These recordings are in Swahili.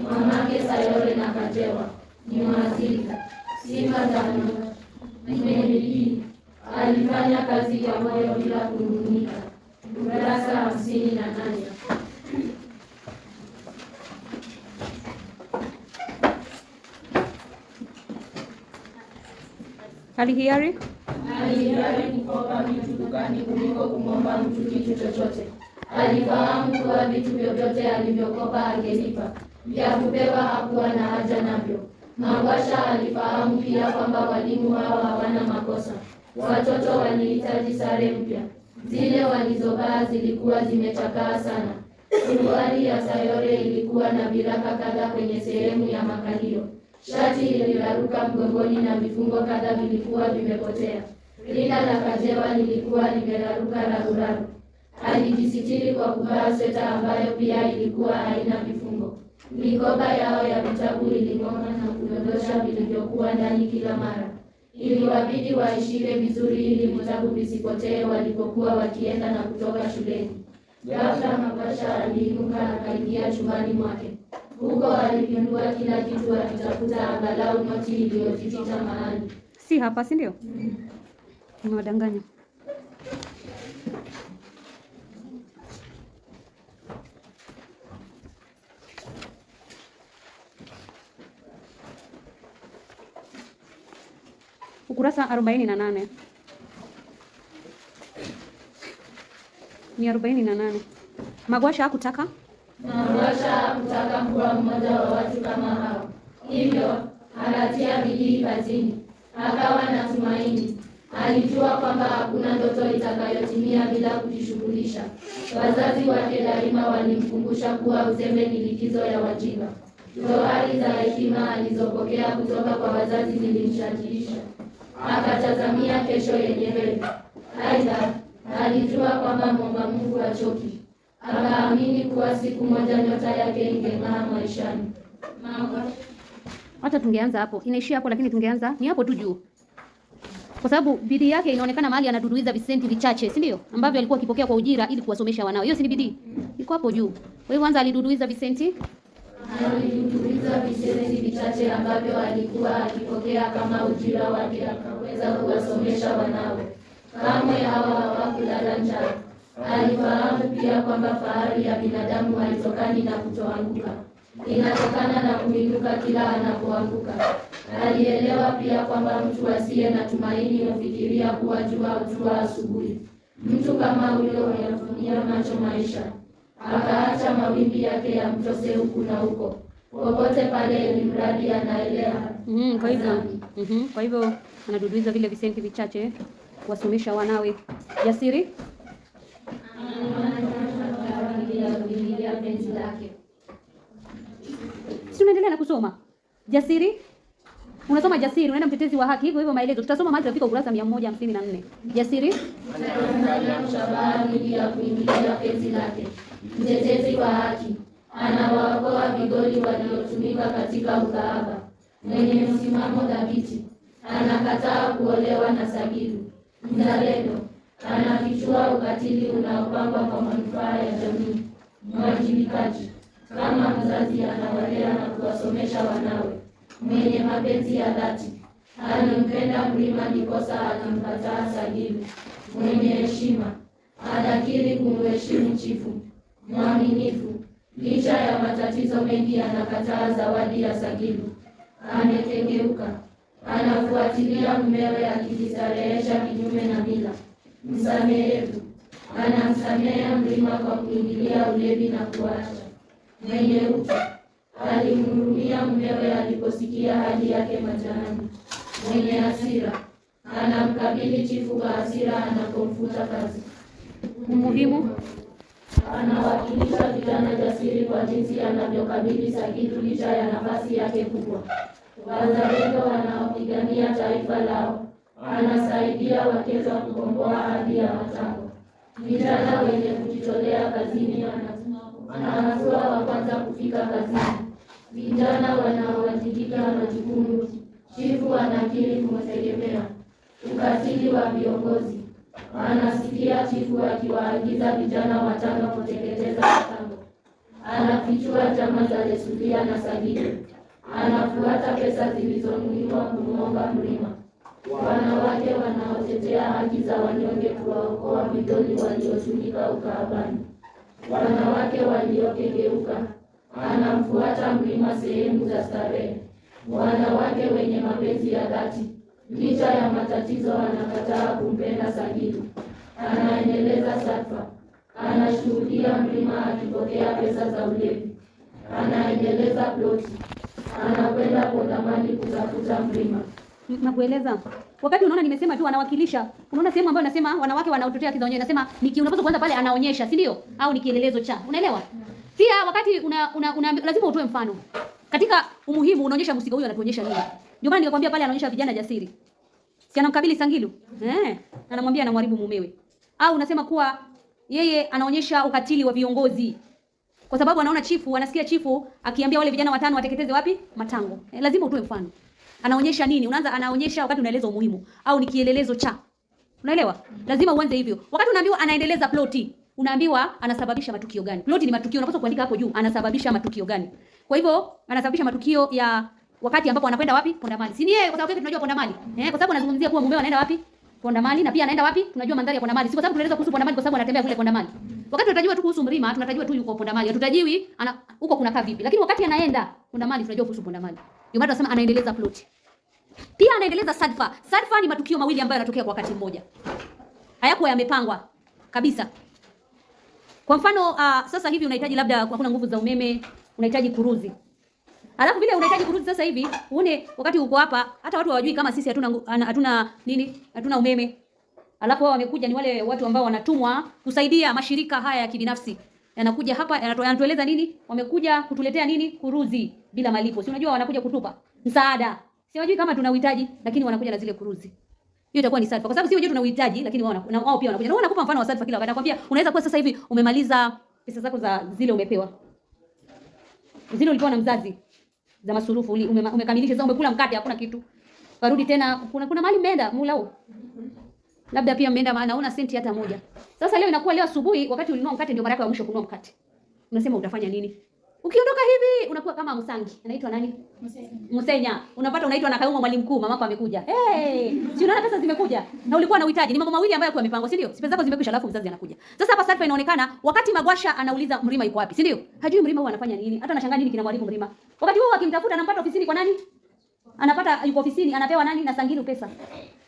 Mamake Sayore na Kajewa ni mwaasili, sifa za mwenye bidii, alifanya kazi ya moyo bila kununika Ukurasa hamsini na nane. Alihiari alihiari kukopa vitu dukani kuliko kumwomba mtu kitu chochote. Alifahamu kuwa vitu vyovyote alivyokopa angelipa vya kubeba hakuwa na haja navyo. magwasha alifahamu pia kwamba walimu hao hawana makosa. Watoto walihitaji sare mpya, zile walizovaa zilikuwa zimechakaa sana. Suruali ya Sayore ilikuwa na viraka kadhaa kwenye sehemu ya makalio. Shati iliraruka mgongoni na vifungo kadhaa vilikuwa vimepotea. Rinda la kajewa lilikuwa limeraruka raruraru. Alijisitiri kwa kuvaa sweta ambayo pia ilikuwa haina Mikoba yao ya vitabu iling'oka na kudondosha vilivyokuwa ndani kila mara. Iliwabidi waishike vizuri ili vitabu visipotee walipokuwa wakienda na kutoka shuleni. Ghafla Mabasha aliinuka akaingia chumbani mwake. Huko alipindua kila kitu akitafuta angalau noti iliyotitita mahali. Si hapa, si ndio? Mwadanganya. ukurasa arobaini na nane ni arobaini na nane Magwasha hakutaka Magwasha hakutaka kuwa mmoja wa watu kama hao, hivyo akatia bidii kazini, akawa na tumaini. Alijua kwamba hakuna ndoto itakayotimia bila kujishughulisha. Wazazi wake daima walimkumbusha kuwa uzembe ni likizo ya wajinga. Johari za hekima alizopokea kutoka kwa wazazi zilimshajiisha, akatazamia kesho yenye heri. Aidha, alijua kwamba mwomba Mungu hachoki, akaamini kuwa siku moja nyota yake ingeng'aa maishani. Mama, Hata tungeanza hapo, inaishia hapo, lakini tungeanza ni hapo tu juu, kwa sababu bidii yake inaonekana mahali anaduduiza visenti vichache, si ndio? Ambavyo alikuwa akipokea kwa ujira ili kuwasomesha wanao. Hiyo si bidii, iko hapo juu. Kwa hiyo kwanza aliduduiza visenti na vilituliza vichache ambavyo alikuwa akipokea kama ujira wake, akaweza kuwasomesha wanawe. Kamwe hawa hawakulala njaa. Alifahamu pia kwamba fahari ya binadamu haitokani na kutoanguka, inatokana na kuinuka kila anapoanguka. Alielewa pia kwamba mtu asiye na tumaini hufikiria kuwa jua jua asubuhi. Mtu kama huyo huyafunia macho maisha akaacha mawimbi yake yamtose huku na huko popote pale, ni mradi anaelea. Mm, kwa hivyo mm -hmm, kwa hivyo anaduduiza vile visenti vichache kuwasomesha wanawe jasiri si unaendelea na kusoma jasiri Unasoma Jasiri, unaenda Mtetezi wa Haki, hivyo hivyo maelezo. Tutasoma mali tutafika ukurasa 154. Jasiri anamtaka mshabaha ili ya kuingilia penzi lake. Mtetezi wa haki anawaokoa vigoli waliotumika katika ukahaba. Mwenye msimamo dhabiti. anakataa kuolewa na sagilu. Mzalendo anafichua ukatili unaopangwa kwa manufaa ya jamii. Mwajibikaji kama mzazi anawalea na kuwasomesha wanawe mwenye mapenzi ya dhati, alimpenda mlima ndiposa akamkataa Sagilu, mwenye heshima, anakiri kumheshimu chifu, mwaminifu, licha ya matatizo mengi, anakataa zawadi ya Sagilu, amekengeuka, anafuatilia mmewe akijistarehesha kinyume na mila, msamehevu, anamsamehe mlima kwa kuingilia ulevi na kuacha, mwenye utu alimrudia mmewe aliposikia hali yake majanani. Mwenye hasira anamkabili chifu kwa hasira anapomfuta kazi. Umuhimu anawakilisha vijana jasiri kwa jinsi anavyokabili sakitu licha ya nafasi yake kubwa. Wazalendo wanaopigania taifa lao, anasaidia Wakeza kukomboa hadi ya Matango. Vijana wenye kujitolea kazini, anakuwa wa kwanza kufika kazini vijana wanaowajibika majukumu chifu anakiri kumtegemea, ukatili wa viongozi anasikia chifu akiwaagiza vijana watano kuteketeza matango, anafichua chama za Lesulia na Sagidi, anafuata pesa zilizonuiwa kumwomba mlima, wanawake wanaotetea haki za wanyonge, kuwaokoa midoli waliotumika ukaabani, wanawake waliokengeuka anamfuata mlima sehemu za starehe. Wanawake wenye mapenzi ya dhati, licha ya matatizo, anakataa kumpenda Sagilu. Anaendeleza safa, anashuhudia mlima akipokea pesa za ulevi. Anaendeleza ploti, anakwenda Kongamani kutafuta mlima. Nakueleza wakati unaona, nimesema tu anawakilisha. Unaona sehemu ambayo nasema wanawake wanaotetea haki za wenyewe, nasema niki, unapaswa kuanza pale, anaonyesha, si ndio? Au ni kielelezo cha, unaelewa? Pia wakati una, una, una lazima utoe mfano. Katika umuhimu unaonyesha mhusika huyo anatuonyesha nini? Ndio maana nikakwambia pale anaonyesha vijana jasiri. Si anamkabili Sangilu? Eh, anamwambia anamharibu mumewe. Au unasema kuwa yeye anaonyesha ukatili wa viongozi. Kwa sababu anaona chifu, anasikia chifu akiambia wale vijana watano wateketeze wapi? Matango. Eh, lazima utoe mfano. Anaonyesha nini? Unaanza anaonyesha wakati unaeleza umuhimu au ni kielelezo cha. Unaelewa? Lazima uanze hivyo. Wakati unaambiwa anaendeleza ploti unaambiwa anasababisha matukio gani. Plot ni matukio, unapaswa kuandika hapo juu anasababisha matukio gani. Kwa hivyo anasababisha matukio ya wakati ambapo anakwenda wapi? Ponda mali. Si ni yeye kwa sababu tunajua ponda mali. Eh, kwa sababu anazungumzia kuwa mume anaenda wapi? Ponda mali na pia anaenda wapi? Tunajua mandhari ya ponda mali. Si kwa sababu tunaeleza kuhusu ponda mali kwa sababu anatembea kule ponda mali. Wakati tutajua tu kuhusu mlima, tunatajua tu yuko ponda mali. Hatutajiwi ana huko kuna kaa vipi. Lakini wakati anaenda ponda mali tunajua kuhusu ponda mali. Ndio maana tunasema anaendeleza plot. Pia anaendeleza sadfa. Sadfa ni matukio mawili ambayo yanatokea kwa wakati mmoja. Hayakuwa yamepangwa kabisa. Kwa mfano uh, sasa hivi unahitaji labda hakuna nguvu za umeme, unahitaji kuruzi. Alafu vile unahitaji kuruzi sasa hivi, une wakati uko hapa, hata watu hawajui kama sisi hatuna hatuna nini? Hatuna umeme. Alafu wao wamekuja ni wale watu ambao wanatumwa kusaidia mashirika haya ya kibinafsi. Yanakuja hapa yanatueleza nini? Wamekuja kutuletea nini? Kuruzi bila malipo. Si unajua wanakuja kutupa msaada. Si unajui kama tunauhitaji, lakini wanakuja na zile kuruzi hiyo itakuwa ni sadfa, kwa sababu si wenyewe tunauhitaji, lakini wao na wao pia wanakuja. Na wao nakupa mfano wa sadfa kila wakati, nakwambia unaweza kuwa sasa hivi umemaliza pesa zako za zile umepewa zile ulikuwa na mzazi za masurufu, umekamilisha sasa, umekula mkate, hakuna kitu, karudi tena, kuna kuna mali mmeenda mulao, labda pia mmeenda, maana una senti hata moja. Sasa leo inakuwa leo asubuhi, wakati ulinunua mkate, ndio mara yako ya mwisho kununua mkate, unasema utafanya nini? Ukiondoka hivi unakuwa kama Musangi. Anaitwa nani? Musenya. Musenya. Unapata unaitwa na kaumwa mwalimu mkuu, mamako amekuja. Hey, si unaona pesa zimekuja. Na ulikuwa na uhitaji. Ni mambo mawili ambayo kwa mipango, si ndio? Si pesa zako zimekwisha alafu mzazi anakuja. Sasa hapa sasa inaonekana wakati Magwasha anauliza mlima yuko wapi, si ndio? Hajui mlima huwa anafanya nini. Hata anashangaa nini kinamwaribu mlima. Wakati huo akimtafuta anampata ofisini kwa nani? anapata yuko ofisini, anapewa nani na Sangilu pesa,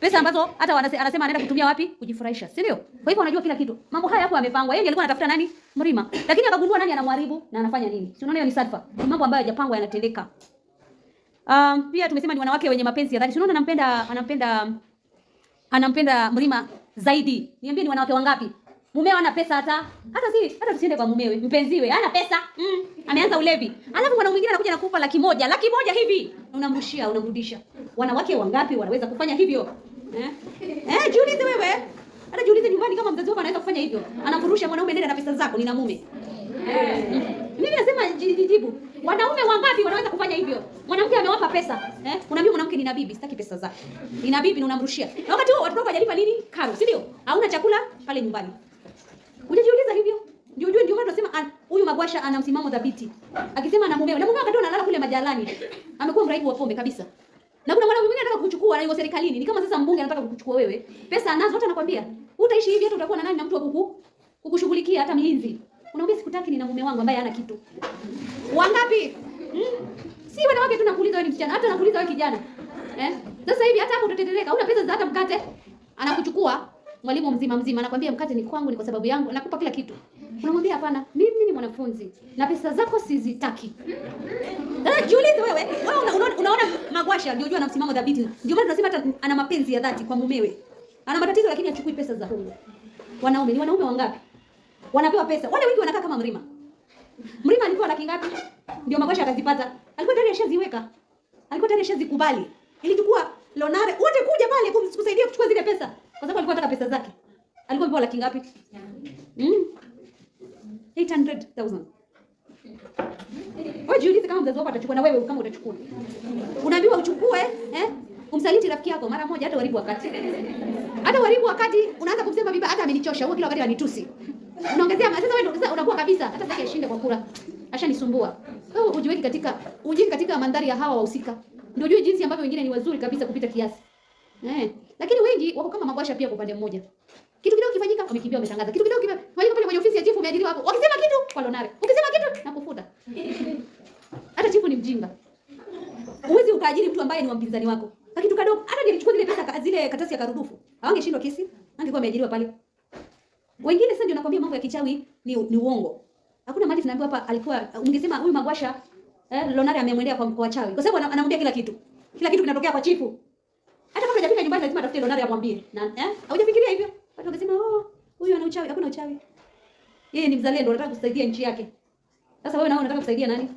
pesa ambazo hata wanase, anasema anaenda kutumia wapi? Kujifurahisha, si ndio? Kwa hivyo anajua kila kitu. Mambo haya hapo yamepangwa. yeye alikuwa anatafuta nani Mrima, lakini akagundua nani anamharibu na anafanya nini. Si unaona hiyo ni sadfa, mambo ambayo hajapangwa yanatendeka. Um, pia tumesema ni wanawake wenye mapenzi ya dhati. Si unaona anampenda, anampenda anampenda Mrima zaidi. Niambie ni wanawake wangapi Mumeo ana pesa hata hata si hata tusiende kwa mumewe. Mpenziwe ana pesa. Mm. Ameanza ulevi. Alafu mwanaume mwingine anakuja na kukupa laki moja, laki moja hivi. Unamrushia, unamrudisha. Wanawake wangapi wanaweza kufanya hivyo? Eh? Eh, jiulize wewe. Hata jiulize nyumbani kama mzazi wako anaweza kufanya hivyo. Anamfurusha mwanaume, nenda na pesa zako, nina mume. Eh. Mimi nasema jijibu Wanaume wangapi wanaweza kufanya hivyo? Mwanamke amewapa pesa. Eh? Unaambia mwanamke nina bibi, sitaki pesa zako. Nina bibi na unamrushia. wakati huo watoto wako hajalipa nini? Karo, si ndio? Hauna chakula pale nyumbani. Unajiuliza hivyo? Ndio ndio ndio wanasema huyu Magwasha ana msimamo dhabiti. Akisema na mumeo. na mumeo akatoa analala kule majalani. Amekuwa mraibu wa pombe kabisa. Na kuna mwanamume mwingine anataka kukuchukua na yuko serikalini. Ni kama sasa mbunge anataka kukuchukua wewe. Pesa anazo hata anakwambia, "Utaishi hivi hata utakuwa na nani na mtu wa kuku kukushughulikia hata mlinzi." Unaambia sikutaki ni na mume wangu ambaye hana kitu. Wangapi? Hmm? Si wanawake nakuuliza wewe ni kijana, hata nakuuliza wewe kijana. Eh? Sasa hivi hata hapo utatetereka. Una pesa za hata mkate. Anakuchukua mwalimu mzima mzima anakuambia mkate ni kwangu, ni kwa sababu yangu, nakupa kila kitu, unamwambia hapana, mimi ni mwanafunzi na pesa zako sizitaki. Sasa eh, jiulize wewe, wewe unaona, unaona Magwasha ndio ana msimamo dhabiti, ndio maana tunasema hata ana mapenzi ya dhati kwa mumewe, ana matatizo lakini achukui pesa za huyo. Wanaume ni wanaume wangapi wanapewa pesa? Wale wengi wanakaa kama mlima. Mlima alikuwa laki ngapi? Ndio Magwasha akazipata. Alikuwa tayari ashaziweka, alikuwa tayari ashazikubali, ilichukua Lonare wote kuja pale kumsaidia kuchukua zile pesa. Kwa sababu alikuwa anataka pesa zake. Alikuwa amepewa laki ngapi? Mm. 800,000. Wewe jiulize kama mzazi wako atachukua na wewe kama utachukua. Unaambiwa uchukue, eh? Umsaliti rafiki yako mara moja hata uharibu wakati. Hata uharibu wakati unaanza kumsema bibi hata amenichosha, huo kila wakati anitusi. Unaongezea sasa wewe ndio unakuwa kabisa hata sasa ashinde kwa kura. Ashanisumbua. Wewe ujiweke katika ujiweke katika mandhari ya hawa wahusika. Ndio ujue jinsi ambavyo wengine ni wazuri kabisa kupita kiasi. Eh. Lakini wengi wako kama magwasha pia kwa upande mmoja. Kitu kidogo kifanyika, wamekimbia wametangaza. Kitu kidogo kifanyika pale kwenye ofisi ya chifu umeajiriwa hapo. Wakisema kitu kwa Lonare. Ukisema kitu nakufuta. Hata chifu ni mjinga. Uwezi ukaajiri mtu ambaye ni mpinzani wako. Kwa kitu kadogo, hata nilichukua zile pesa zile karatasi ya karudufu. Hawangeshindwa kesi, angekuwa ameajiriwa pale. Wengine sasa ndio nakwambia mambo ya kichawi ni ni uongo. Hakuna mali tunaambiwa hapa alikuwa ungesema huyu Magwasha eh, Lonare amemwendea kwa mkoa wa chawi. Kwa sababu anamwambia kila kitu. Kila kitu kinatokea kwa chifu mtu hajafika nyumbani lazima atafute Leonardo amwambie. Na eh? Haujafikiria hivyo? Watu wanasema, "Oh, huyu ana uchawi, hakuna uchawi." Yeye ni mzalendo, anataka kusaidia nchi yake. Sasa wewe nao unataka kusaidia nani?